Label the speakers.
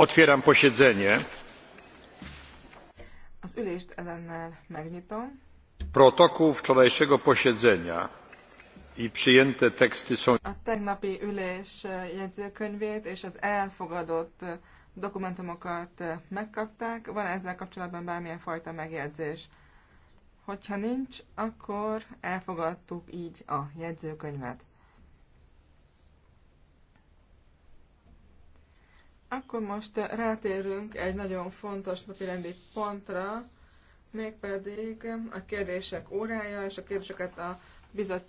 Speaker 1: Otwieram posiedzenie.
Speaker 2: Az ülést ezennel megnyitom.
Speaker 1: Protokół wczorajszego posiedzenia i przyjęte teksty są... A
Speaker 2: tegnapi ülés jegyzőkönyvét és az elfogadott dokumentumokat megkapták. Van -e ezzel kapcsolatban bármilyen fajta megjegyzés? Hogyha nincs, akkor elfogadtuk így a jegyzőkönyvet. Akkor most rátérünk egy nagyon fontos napirendi pontra, mégpedig a kérdések órája, és a kérdéseket a bizottság